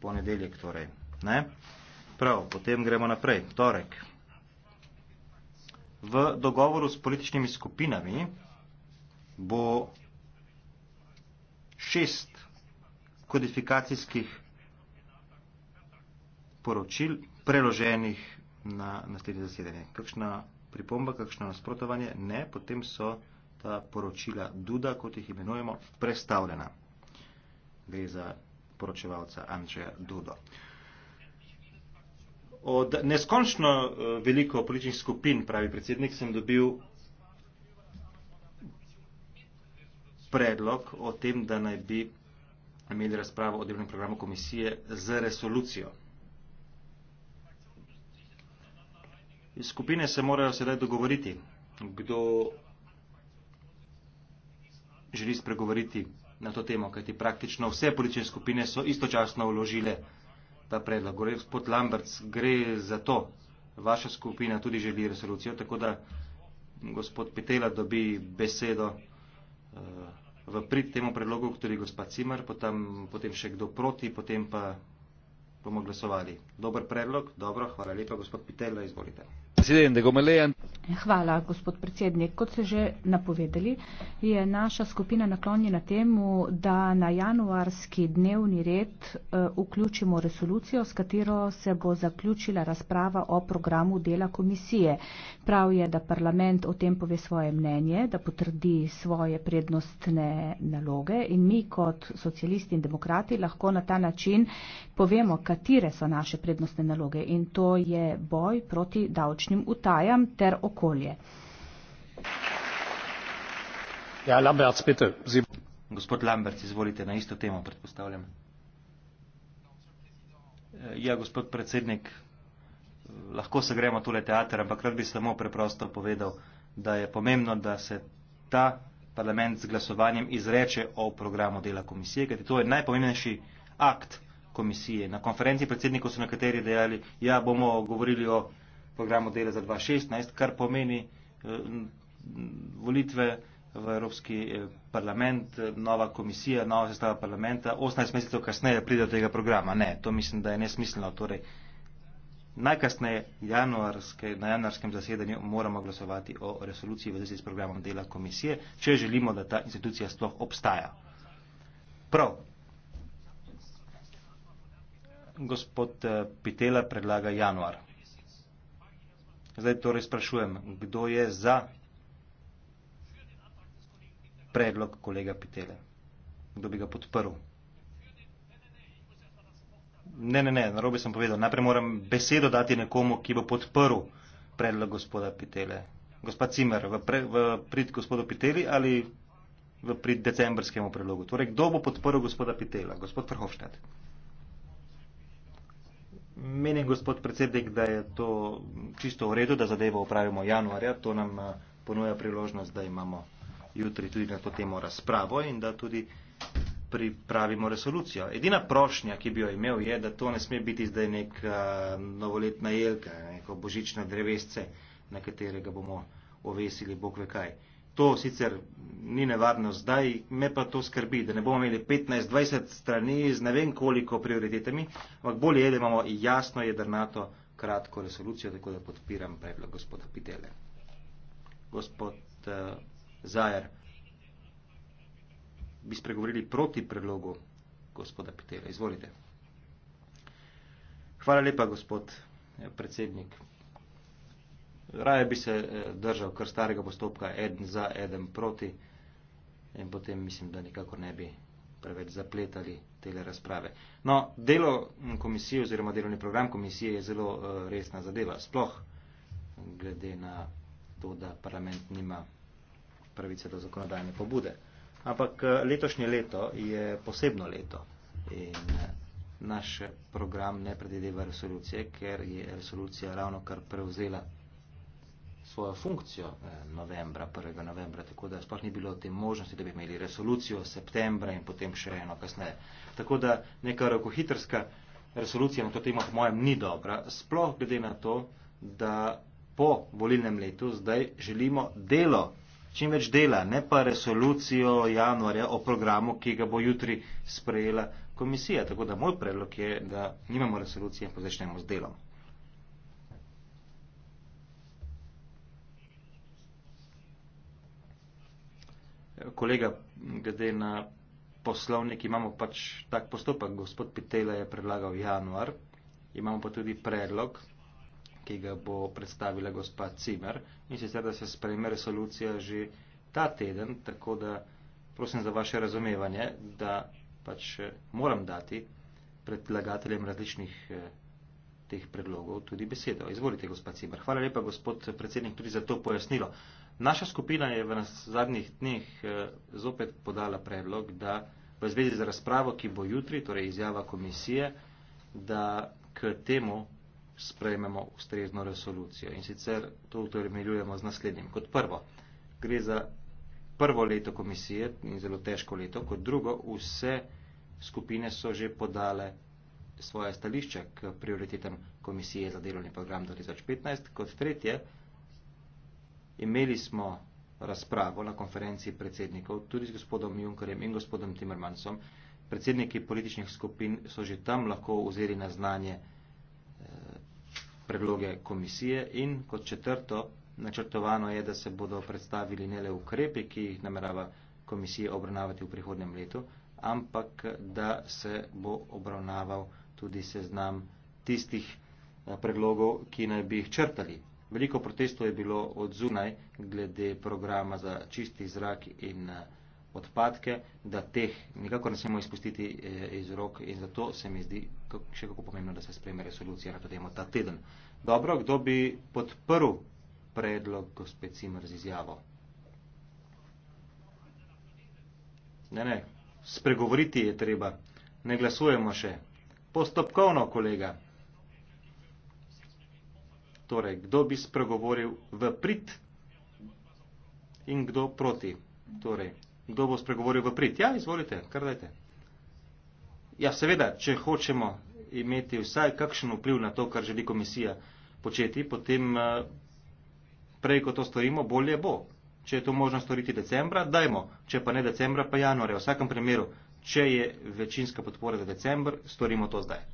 ponedeljek torej. Ne? Prav, potem gremo naprej. Torek. V dogovoru s političnimi skupinami bo šest kodifikacijskih poročil preloženih na naslednje zasedanje. Kakšna pripomba, kakšno nasprotovanje? Ne, potem so ta poročila Duda, kot jih imenujemo, prestavljena. Gre za poročevalca Andreja Dudo. Od neskončno eh, veliko političnih skupin, pravi predsednik, sem dobil predlog o tem, da naj bi imeli razpravo o delovnem programu komisije z resolucijo. Skupine se morajo sedaj dogovoriti, kdo želi spregovoriti na to temo, kajti praktično vse politične skupine so istočasno uložile ta predlog. Gore, gospod Lamberts, gre za to, vaša skupina tudi želi resolucijo, tako da gospod Petela dobi besedo uh, v prid temu predlogu, tudi gospod Cimer, potem, potem še kdo proti, potem pa bomo glasovali. Dober predlog, dobro, hvala lepa, gospod Petela, izvolite. Presidente, come lei ha Hvala, gospod predsednik. Kot ste že napovedali, je naša skupina naklonjena temu, da na januarski dnevni red eh, vključimo resolucijo, s katero se bo zaključila razprava o programu dela komisije. Prav je, da parlament o tem pove svoje mnenje, da potrdi svoje prednostne naloge in mi kot socialisti in demokrati lahko na ta način povemo, katere so naše prednostne naloge in to je boj proti davčnim utajam ter okoljem okolje. Ja, Lamberts, bitte. Sie eh, gospod Lamberts, izvolite na isto temo, predpostavljam. Eh, ja, gospod predsednik, eh, lahko se gremo tole teater, ampak rad bi samo preprosto povedal, da je pomembno, da se ta parlament z glasovanjem izreče o programu dela komisije, ker to je najpomembnejši akt komisije. Na konferenci predsednikov so nekateri dejali, ja, bomo govorili o programu dela za 2016, kar pomeni eh, volitve v Evropski eh, parlament, eh, nova komisija, nova sestava parlamenta, 18 mesecev kasneje pride do tega programa. Ne, to mislim, da je nesmiselno. Torej, najkasneje januarske, na januarskem zasedanju moramo glasovati o resoluciji v zvezi s programom dela komisije, če želimo, da ta institucija sploh obstaja. Prav. Gospod eh, Pitela predlaga januar. Zdaj torej sprašujem, kdo je za predlog kolega Pitele? Kdo bi ga podprl? Ne, ne, ne, narobe sem povedal. Najprej moram besedo dati nekomu, ki bo podprl predlog gospoda Pitele. Gospa Cimer, v, pre, v prid gospodu Piteli ali v prid decembrskemu predlogu? Torej, kdo bo podprl gospoda Pitela? Gospod Vrhovštad. Menim, gospod predsednik, da je to čisto v redu, da zadevo upravimo januarja. To nam eh, ponuja priložnost, da imamo jutri tudi na to temo razpravo in da tudi pripravimo resolucijo. Edina prošnja, ki bi jo imel, je, da to ne sme biti zdaj nek eh, novoletna jelka, neko božično drevesce, na katerega bomo ovesili bog ve kaj. Uh, to sicer ni nevarno zdaj, me pa to skrbi, da ne bomo imeli 15-20 strani z ne vem koliko prioritetami, ampak bolje je, da imamo jasno jedrnato kratko resolucijo, tako da podpiram predlog gospoda Pitele. Gospod uh, Zajer, bi spregovorili proti predlogu gospoda Pitele. Izvolite. Hvala lepa, gospod eh, predsednik. Raje bi se eh, držal kar starega postopka, en za, en proti, in potem mislim, da nikako ne bi preveč zapletali tele razprave. No, delo mm, komisije oziroma delovni program komisije je zelo eh, resna zadeva, sploh glede na to, da parlament nima pravice do zakonodajne pobude. Ampak eh, letošnje leto je posebno leto in naš program ne predvideva resolucije, ker je resolucija ravno kar prevzela svojo funkcijo eh, novembra, 1. novembra, tako da sploh ni bilo te možnosti, da bi imeli resolucijo septembra in potem še eno kasneje. Tako da neka rokohitrska resolucija na to temo, po mojem, ni dobra, sploh glede na to, da po volilnem letu zdaj želimo delo, čim več dela, ne pa resolucijo januarja o programu, ki ga bo jutri sprejela komisija. Tako da moj predlog je, da nimamo resolucije in pa začnemo z delom. kolega, glede na poslovnik imamo pač tak postopek. Gospod Pitela je predlagal januar, imamo pa tudi predlog, ki ga bo predstavila gospa Cimer in sicer, da se sprejme resolucija že ta teden, tako da prosim za vaše razumevanje, da pač eh, moram dati predlagateljem različnih eh, teh predlogov tudi besedo. Izvolite, gospod Cimer. Hvala lepa, gospod eh, predsednik, tudi za to pojasnilo. Naša skupina je v nas zadnjih dneh eh, zopet podala predlog, da v zvezi z razpravo, ki bo jutri, torej izjava komisije, da k temu sprejmemo ustrezno resolucijo. In sicer to utemeljujemo z naslednjim. Kot prvo, gre za prvo leto komisije in zelo težko leto. Kot drugo, vse skupine so že podale svoje stališče k prioritetem komisije za delovni program 2015. Kot tretje, Imeli smo razpravo na konferenciji predsednikov, tudi z gospodom Junkerjem in gospodom Timmermansom. Predsedniki političnih skupin so že tam lahko vzeli na znanje eh, predloge komisije in kot četrto načrtovano je, da se bodo predstavili ne le ukrepi, ki jih namerava komisija obravnavati v prihodnem letu, ampak da se bo obravnaval tudi seznam tistih eh, predlogov, ki naj bi jih črtali Veliko protestov je bilo od zunaj glede programa za čisti zrak in eh, odpadke, da teh nikakor ne smemo izpustiti eh, iz rok in zato se mi zdi še kako pomembno, da se spreme resolucija na to temo ta teden. Dobro, kdo bi podprl predlog gospod Cimer z izjavo? Ne, ne, spregovoriti je treba. Ne glasujemo še. Postopkovno, kolega. Torej, kdo bi spregovoril v prid in kdo proti. Torej, kdo bo spregovoril v prid? Ja, izvolite, kar dajte. Ja, seveda, če hočemo imeti vsaj kakšen vpliv na to, kar želi komisija početi, potem eh, prej, ko to storimo, bolje bo. Če je to možno storiti decembra, dajmo. Če pa ne decembra, pa januarja. V vsakem primeru, če je večinska podpora za decembr, storimo to zdaj.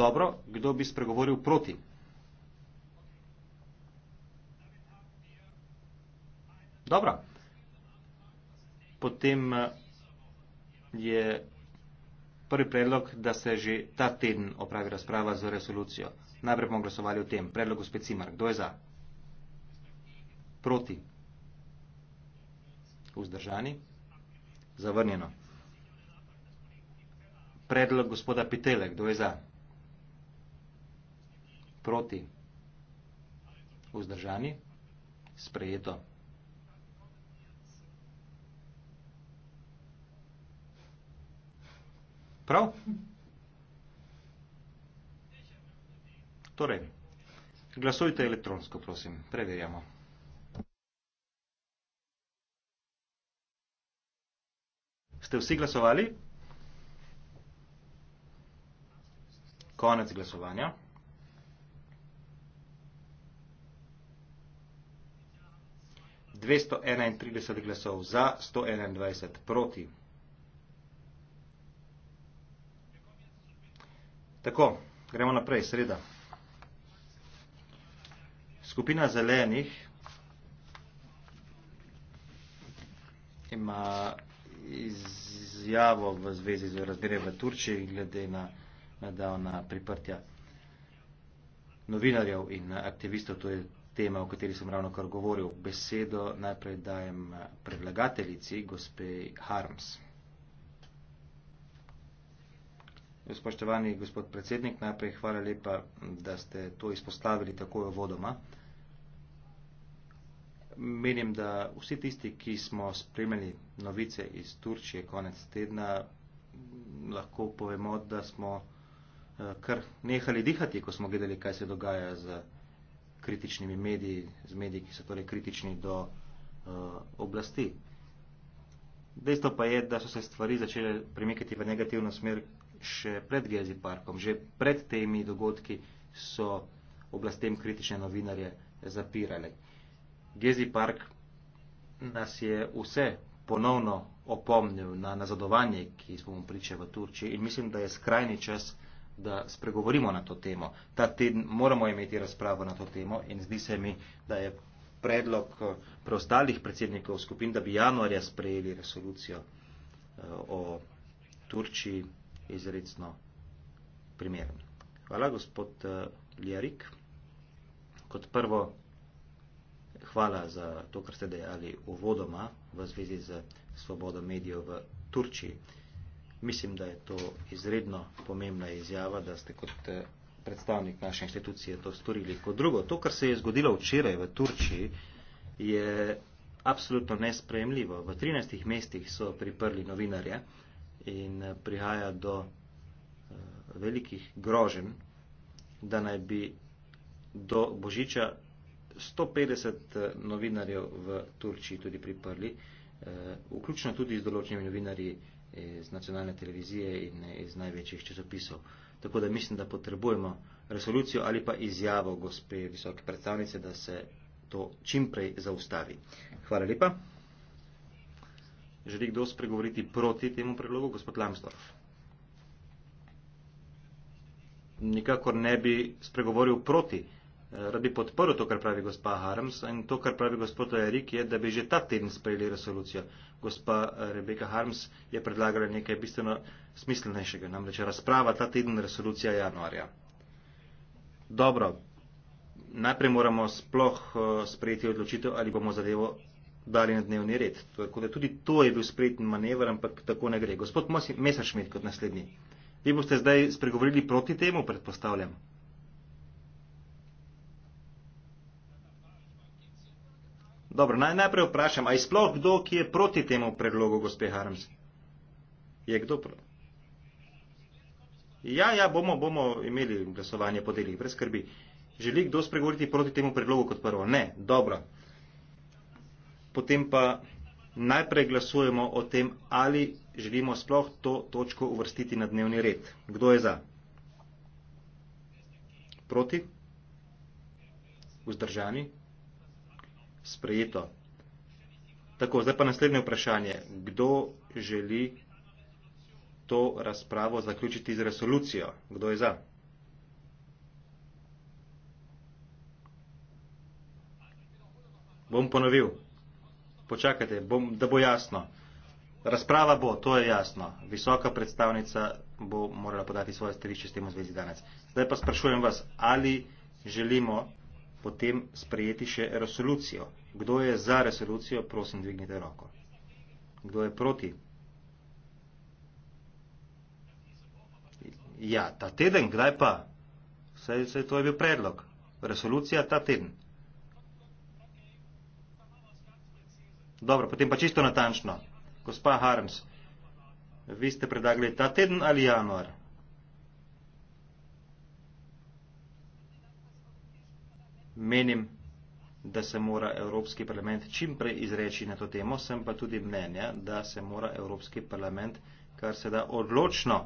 Dobro, kdo bi spregovoril proti? Dobro. Potem eh, je prvi predlog, da se že ta teden opravi razprava za resolucijo. Najprej bomo glasovali o tem. Predlog gospod Cimar. Kdo je za? Proti? Vzdržani? Zavrnjeno. Predlog gospoda Pitele. Kdo je za? Proti? Vzdržani? Sprejeto. Prav? Torej, glasujte elektronsko, prosim, preverjamo. Ste vsi glasovali? Konec glasovanja. Dvesto enaintrideset glasov za, sto enaindvajset proti. Tako, gremo naprej, sreda. Skupina zelenih ima izjavo v zvezi z razmerje v Turčiji glede na nedavna priprtja novinarjev in aktivistov. To je tema, o kateri sem ravno kar govoril. Besedo najprej dajem predlagateljici, gospe Harms. Spoštovani gospod predsednik, najprej hvala lepa, da ste to izpostavili tako vodoma. Menim, da vsi tisti, ki smo spremljali novice iz Turčije konec tedna, lahko povemo, da smo eh, kar nehali dihati, ko smo gledali, kaj se dogaja z kritičnimi mediji, z mediji, ki so torej kritični do uh, oblasti. Dejstvo pa je, da so se stvari začele premikati v negativno smer, še pred Gezi parkom, že pred temi dogodki so oblastem kritične novinarje zapirali. Gezi park nas je vse ponovno opomnil na nazadovanje, ki smo mu priče v Turčiji in mislim, da je skrajni čas, da spregovorimo na to temo. Ta teden moramo imeti razpravo na to temo in zdi se mi, da je predlog eh, preostalih predsednikov skupin, da bi januarja sprejeli resolucijo eh, o Turčiji izredno primeren. Hvala, gospod eh, Ljarik. Kot prvo, hvala za to, kar ste dejali uvodoma v zvezi z svobodo medijev v Turčiji. Mislim, da je to izredno pomembna izjava, da ste kot eh, predstavnik naše institucije to storili. Kot drugo, to, kar se je zgodilo včeraj v Turčiji, je absolutno nespremljivo. V 13 mestih so priprli novinarje in eh, prihaja do eh, velikih groženj, da naj bi do Božiča 150 eh, novinarjev v Turčiji tudi priprli, vključno tudi z določenimi novinarji iz nacionalne televizije in iz največjih časopisov. Tako da mislim, da potrebujemo resolucijo ali pa izjavo gospe visoke predstavnice, da se to čimprej zaustavi. Hvala lepa. Želi kdo spregovoriti proti temu predlogu? Gospod Lambsdorff. Nikakor ne bi spregovoril proti. Eh, rad bi podporil to, kar pravi gospa Harms in to, kar pravi gospod Erik, je, da bi že ta teden sprejeli resolucijo. Gospa eh, Rebeka Harms je predlagala nekaj bistveno smiselnejšega, namreč razprava ta teden resolucija januarja. Dobro, najprej moramo sploh eh, sprejeti odločitev, ali bomo zadevo dali na dnevni red. Tako da tudi to je bil spreten manevr, ampak tako ne gre. Gospod Messerschmidt kot naslednji. Vi boste zdaj spregovorili proti temu, predpostavljam. Dobro, naj najprej vprašam, a je sploh kdo, ki je proti temu predlogu, gospe Harms? Je kdo proti? Ja, ja, bomo, bomo imeli glasovanje po delih, brez skrbi. Želi kdo spregovoriti proti temu predlogu kot prvo? Ne, dobro potem pa najprej glasujemo o tem, ali želimo sploh to točko uvrstiti na dnevni red. Kdo je za? Proti? Vzdržani? Sprejeto. Tako, zdaj pa naslednje vprašanje. Kdo želi to razpravo zaključiti z resolucijo? Kdo je za? Bom ponovil počakajte, bom, da bo jasno. Razprava bo, to je jasno. Visoka predstavnica bo morala podati svoje stališče s tem v zvezi danes. Zdaj pa sprašujem vas, ali želimo potem sprejeti še resolucijo. Kdo je za resolucijo, prosim, dvignite roko. Kdo je proti? Ja, ta teden, kdaj pa? Vse to je bil predlog. Resolucija ta teden. Dobro, potem pa čisto natančno. Gospa Harms, vi ste predlagali ta teden ali januar? Menim, da se mora Evropski parlament čim prej izreči na to temo, sem pa tudi mnenja, da se mora Evropski parlament kar se da odločno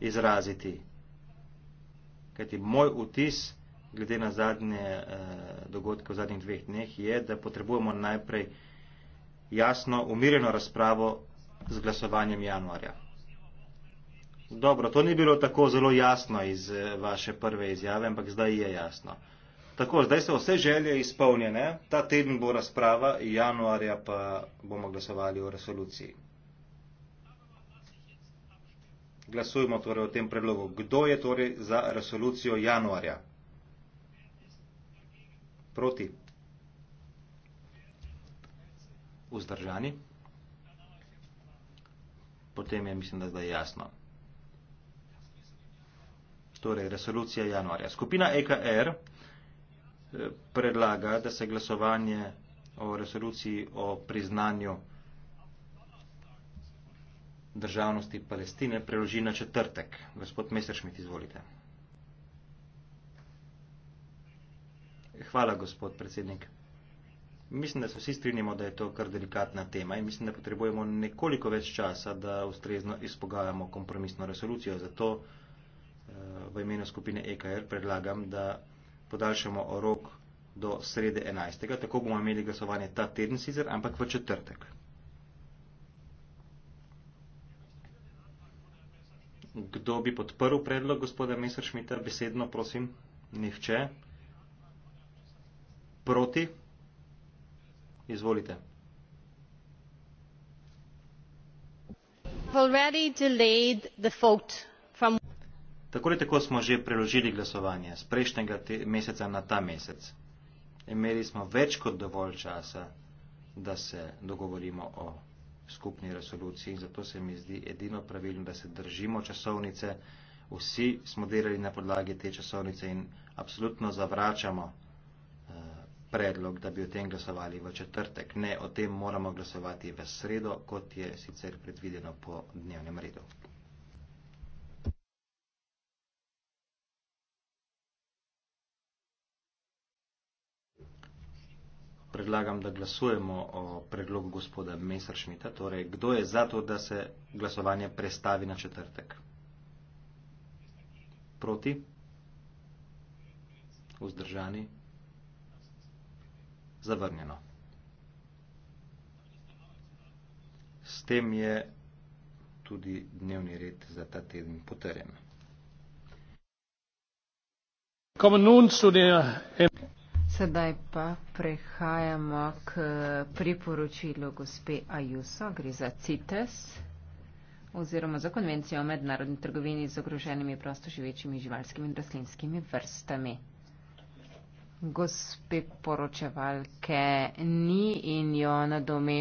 izraziti. Kajti moj vtis glede na zadnje eh, dogodke v zadnjih dveh dneh je, da potrebujemo najprej eh, jasno, umirjeno razpravo z glasovanjem januarja. Dobro, to ni bilo tako zelo jasno iz eh, vaše prve izjave, ampak zdaj je jasno. Tako, zdaj so vse želje izpolnjene, ta teden bo razprava, januarja pa bomo glasovali o resoluciji. Glasujemo torej o tem predlogu. Kdo je torej za resolucijo januarja? Proti vzdržani, potem je, mislim, da zdaj jasno. Torej, resolucija januarja. Skupina EKR eh, predlaga, da se glasovanje o resoluciji o priznanju državnosti Palestine preloži na četrtek. Gospod Messerschmidt, izvolite. Hvala, gospod predsednik. Mislim, da se vsi strinjamo, da je to kar delikatna tema in mislim, da potrebujemo nekoliko več časa, da ustrezno izpogajamo kompromisno resolucijo. Zato eh, v imenu skupine EKR predlagam, da podaljšamo rok do srede 11. Tako bomo imeli glasovanje ta teden sicer, ampak v četrtek. Kdo bi podprl predlog gospoda Messerschmitta? Besedno, prosim. Nihče. Proti. Izvolite. From... Tako tako smo že preložili glasovanje z prejšnjega te, meseca na ta mesec. Imeli smo več kot dovolj časa, da se dogovorimo o skupni resoluciji in zato se mi zdi edino pravilno, da se držimo časovnice. Vsi smo delali na podlagi te časovnice in absolutno zavračamo predlog, da bi o tem glasovali v četrtek. Ne, o tem moramo glasovati v sredo, kot je sicer predvideno po dnevnem redu. Predlagam, da glasujemo o predlogu gospoda Messerschmita. Torej, kdo je za to, da se glasovanje prestavi na četrtek? Proti? Vzdržani? zavrnjeno. S tem je tudi dnevni red za ta teden potrjen. Sedaj pa prehajamo k priporočilu gospe Ajuso, gre za CITES oziroma za konvencijo o mednarodni trgovini z ogroženimi prostoživečimi živalskimi in rastlinskimi vrstami gospe poročevalke ni in jo nadomeščam.